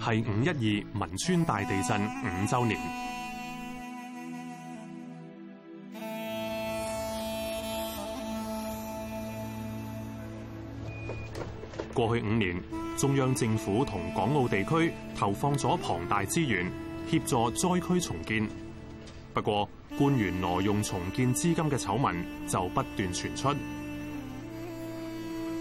係五一二汶川大地震五周年。過去五年，中央政府同港澳地區投放咗龐大資源協助災區重建。不過，官員挪用重建資金嘅醜聞就不斷傳出。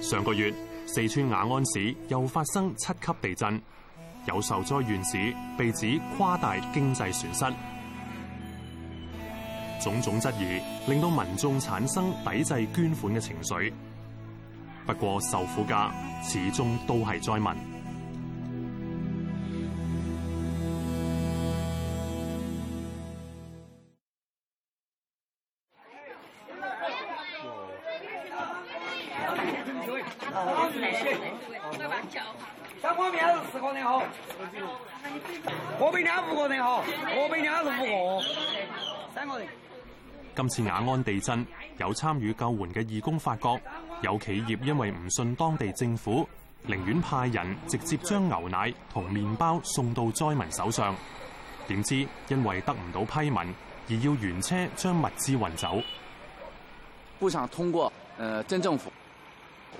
上個月，四川雅安市又發生七級地震。有受災縣市被指誇大經濟損失，種種質疑令到民眾產生抵制捐款嘅情緒。不過受苦嘅始終都係災民。今次雅安地震，有參與救援嘅義工發覺，有企業因為唔信當地政府，寧願派人直接將牛奶同麵包送到災民手上，點知因為得唔到批文，而要原車將物資運走。不想通過，呃，鎮政府。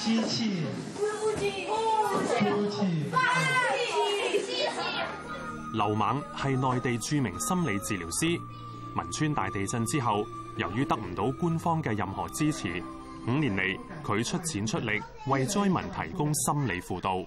支持，支持，支持，支持！劉猛係內地著名心理治療師。汶川大地震之後，由於得唔到官方嘅任何支持，五年嚟，佢出錢出力為災民提供心理輔導。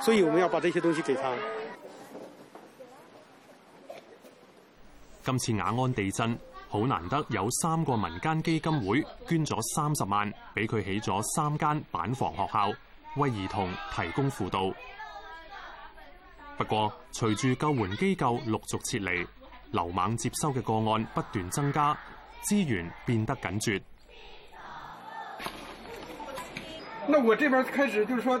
所以，我們要把這些東西給他。今次雅安地震，好難得有三個民間基金會捐咗三十萬，俾佢起咗三間板房學校，為兒童提供輔導。不過，隨住救援機構陸續撤離，劉猛接收嘅個案不斷增加，資源變得緊缺。那我這邊開始就是說。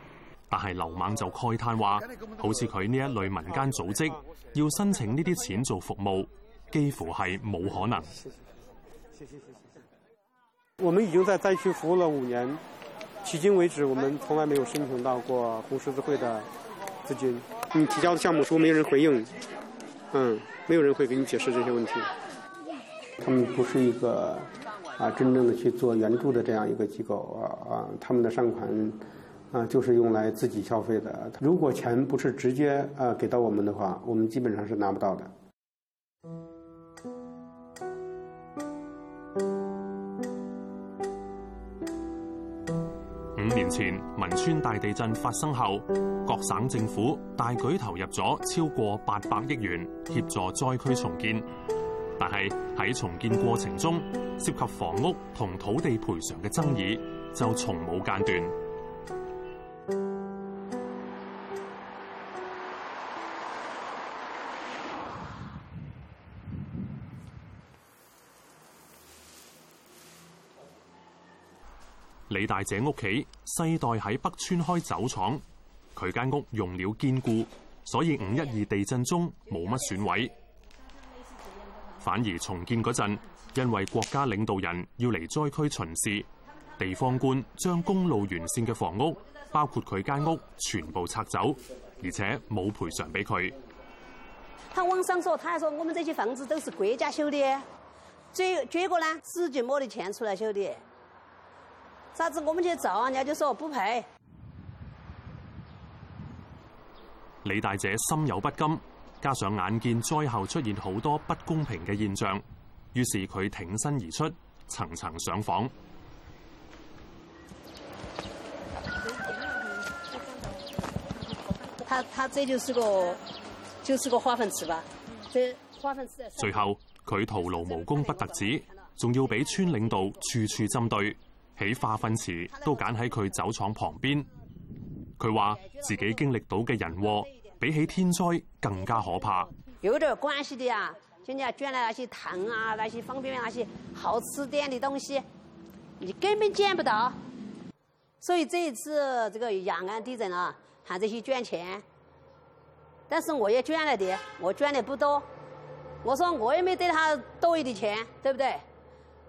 但係劉猛就慨嘆話，好似佢呢一類民間組織，要申請呢啲錢做服務，幾乎係冇可能。我們已經在災區服務了五年，迄今為止，我們從來沒有申請到過紅十字會的資金。你提交的項目書，沒人回應，嗯，沒有人會給你解釋這些問題。他們不是一個啊真正的去做援助的這樣一個機構啊啊，他們的善款。啊，就是用來自己消費的。如果錢不是直接呃給到我們的話，我們基本上是拿不到的。五年前汶川大地震發生後，各省政府大舉投入咗超過八百億元協助災區重建，但係喺重建過程中涉及房屋同土地賠償嘅爭議就從冇間斷。李大姐屋企世代喺北川開酒廠，佢間屋用料堅固，所以五一二地震中冇乜損毀。反而重建嗰陣，因為國家領導人要嚟災區巡視，地方官將公路沿線嘅房屋，包括佢間屋，全部拆走，而且冇賠償俾佢。他網上說，他還說我們這些房子都是國家修的，結結果呢，自己冇啲錢出來修的。咋子？我們去找人家就說不配。李大姐心有不甘，加上眼見災後出現好多不公平嘅現象，於是佢挺身而出，層層上訪。他他，這就是個，就是個化糞池吧？這化糞池。最後佢徒勞無功不得止，仲要俾村領導處處針對。起化糞池都揀喺佢酒廠旁邊，佢話自己經歷到嘅人禍比起天災更加可怕有。有點關係的啊，叫你捐了那些糖啊，那些方便麵，那些好吃點的東西，你根本見不到。所以這一次這個雅安地震啊，喊這些捐錢，但是我也捐了的，我捐的不多，我說我也沒得他多一點錢，對不對？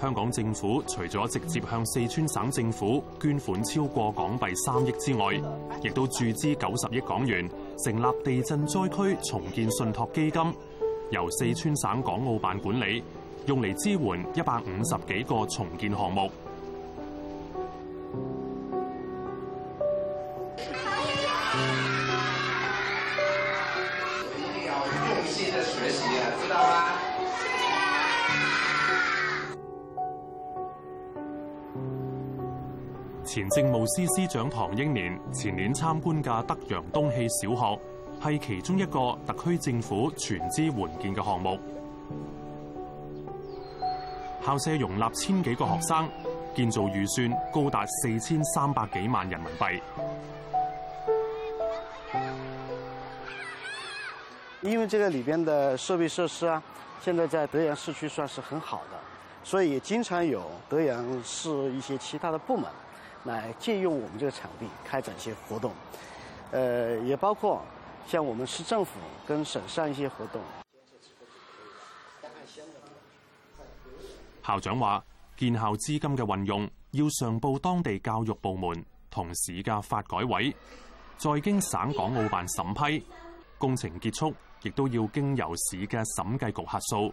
香港政府除咗直接向四川省政府捐款超過港幣三億之外，亦都注資九十億港元，成立地震災區重建信託基金，由四川省港澳辦管理，用嚟支援一百五十幾個重建項目。前政務司司長唐英年前年參觀嘅德陽東汽小學係其中一個特區政府全資援建嘅項目，校舍容納千幾個學生，建造預算高達四千三百幾萬人民幣。因為這個裏邊的設備設施啊，現在在德陽市區算是很好的，所以也經常有德陽市一些其他的部門。來借用我們這個場地開展一些活動，呃，也包括像我們市政府跟省上一些活動。校長話建校資金嘅運用要上報當地教育部門同市嘅發改委，再經省港澳辦審批，工程結束亦都要經由市嘅審計局核數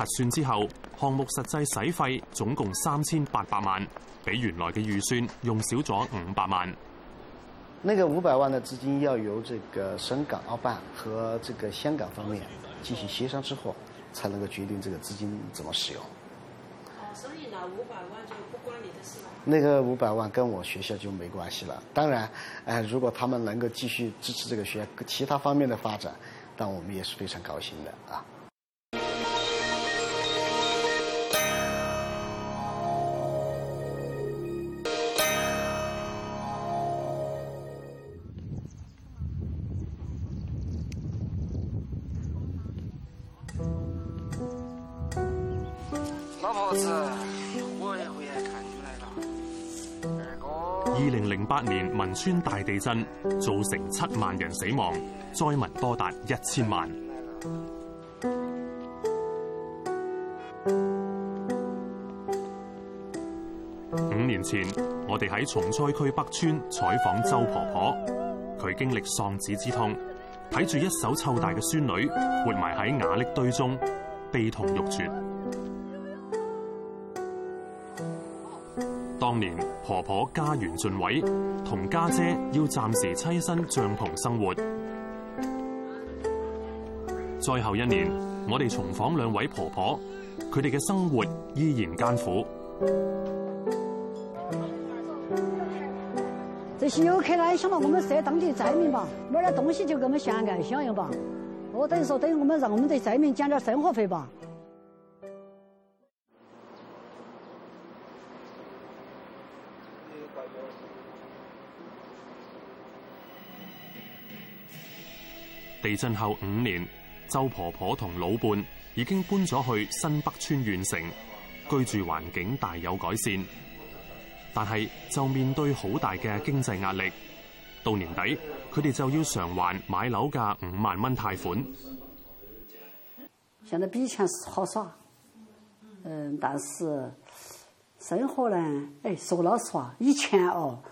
核算之後，項目實際使費總共三千八百萬，比原來的預算用少咗五百萬。那個五百萬的資金要由這個省港澳辦和這個香港方面進行協商之後，才能夠決定這個資金怎麼使用。嗯，所以呢五百萬就不關你的事啦。那個五百萬跟我學校就沒關係了。當然，呃，如果他們能夠繼續支持這個學校其他方面的發展，那我們也是非常高興的啊。二零零八年汶川大地震造成七萬人死亡，災民多達一千萬。五年前，我哋喺重災區北村採訪周婆婆，佢經歷喪子之痛，睇住一手湊大嘅孫女活埋喺瓦礫堆中，悲痛欲絕。當年婆婆家園盡毀，同家姐要暫時棲身帳篷生活。最後一年，我哋重訪兩位婆婆，佢哋嘅生活依然艱苦。這些遊客呢，想到我們是當地災民吧，買點東西就給我們獻愛心一樣吧，我等於說等於我們讓我們這災民減點生活費吧。地震後五年，周婆婆同老伴已經搬咗去新北川縣城居住，環境大有改善。但係就面對好大嘅經濟壓力，到年底佢哋就要償還買樓價五萬蚊貸款。現在比以前好耍，嗯，但是生活呢？誒、哎，說老實話，以前哦，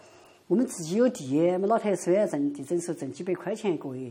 我們自己有地，我老太太雖然掙地震時掙幾百塊錢一個月。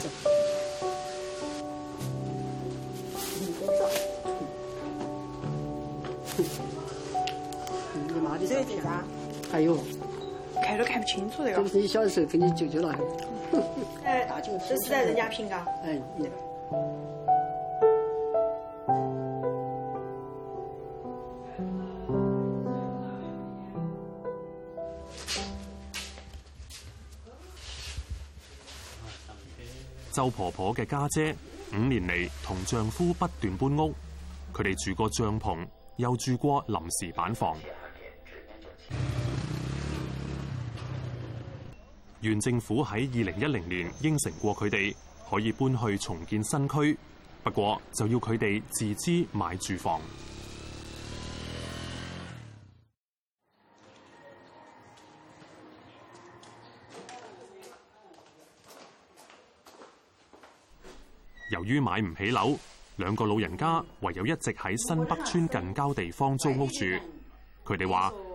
還有，看都看不清楚呢個。你小嘅時候，跟你舅舅嗱。誒，這是在人家平噶。周婆婆嘅家姐，姐，五年嚟同丈夫不斷搬屋，佢哋住過帳篷，又住過臨時板房。縣政府喺二零一零年應承過佢哋可以搬去重建新區，不過就要佢哋自資買住房。由於買唔起樓，兩個老人家唯有一直喺新北村近郊地方租屋住。佢哋話。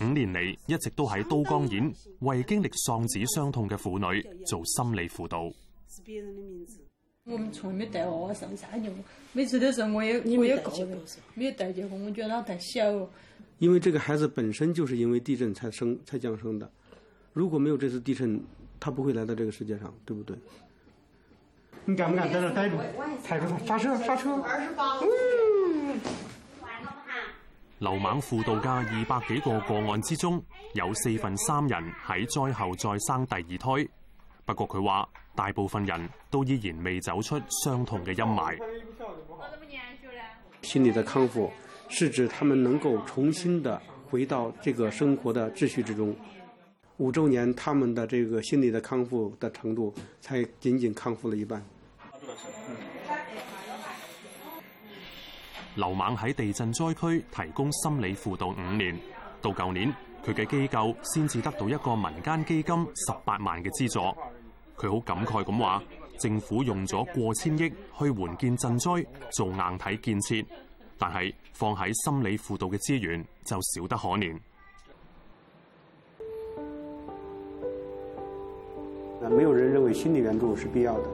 五年嚟一直都喺都江堰為經歷喪子傷痛嘅婦女做心理輔導。因為這個孩子本身就是因為地震才生才降生的，如果沒有這次地震，他不會來到這個世界上，對不對？你敢不敢在這待住？開車，開車，開車，嗯劉猛輔導嘅二百幾個個案之中，有四分三人喺災後再生第二胎。不過佢話，大部分人都依然未走出相同嘅陰霾。心理的康復是指他們能夠重新的回到這個生活的秩序之中。五週年，他們的這個心理的康復的程度，才僅僅康復了一半。劉猛喺地震災區提供心理輔導五年，到舊年佢嘅機構先至得到一個民間基金十八萬嘅資助。佢好感慨咁話：政府用咗過千億去援建賑災、做硬體建設，但係放喺心理輔導嘅資源就少得可憐。但沒有人認為心理援助是必要的，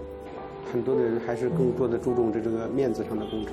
很多的人還是更多的注重這這個面子上的工程。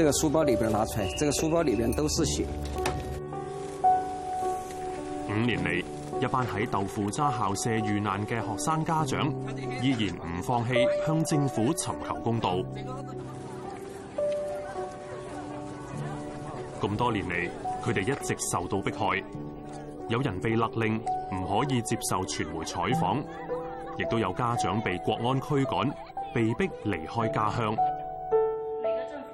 這個書包裏邊拿出來，這個書包裏邊都是血。五年嚟，一班喺豆腐渣校舍遇難嘅學生家長依然唔放棄向政府尋求公道。咁多年嚟，佢哋一直受到迫害，有人被勒令唔可以接受傳媒採訪，亦、嗯、都有家長被國安驅趕，被逼離開家鄉。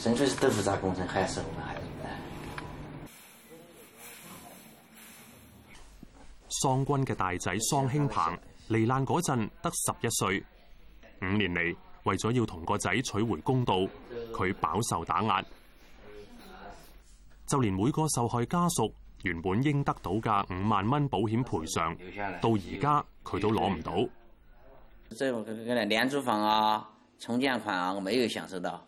純粹是豆腐渣工程，害死我個仔。桑軍嘅大仔桑興鵬罹難嗰陣得十一歲，五年嚟為咗要同個仔取回公道，佢飽受打壓，就連每個受害家屬原本應得到嘅五萬蚊保險賠償，到而家佢都攞唔到。即係廉租房啊、重建款啊，我沒有享受到。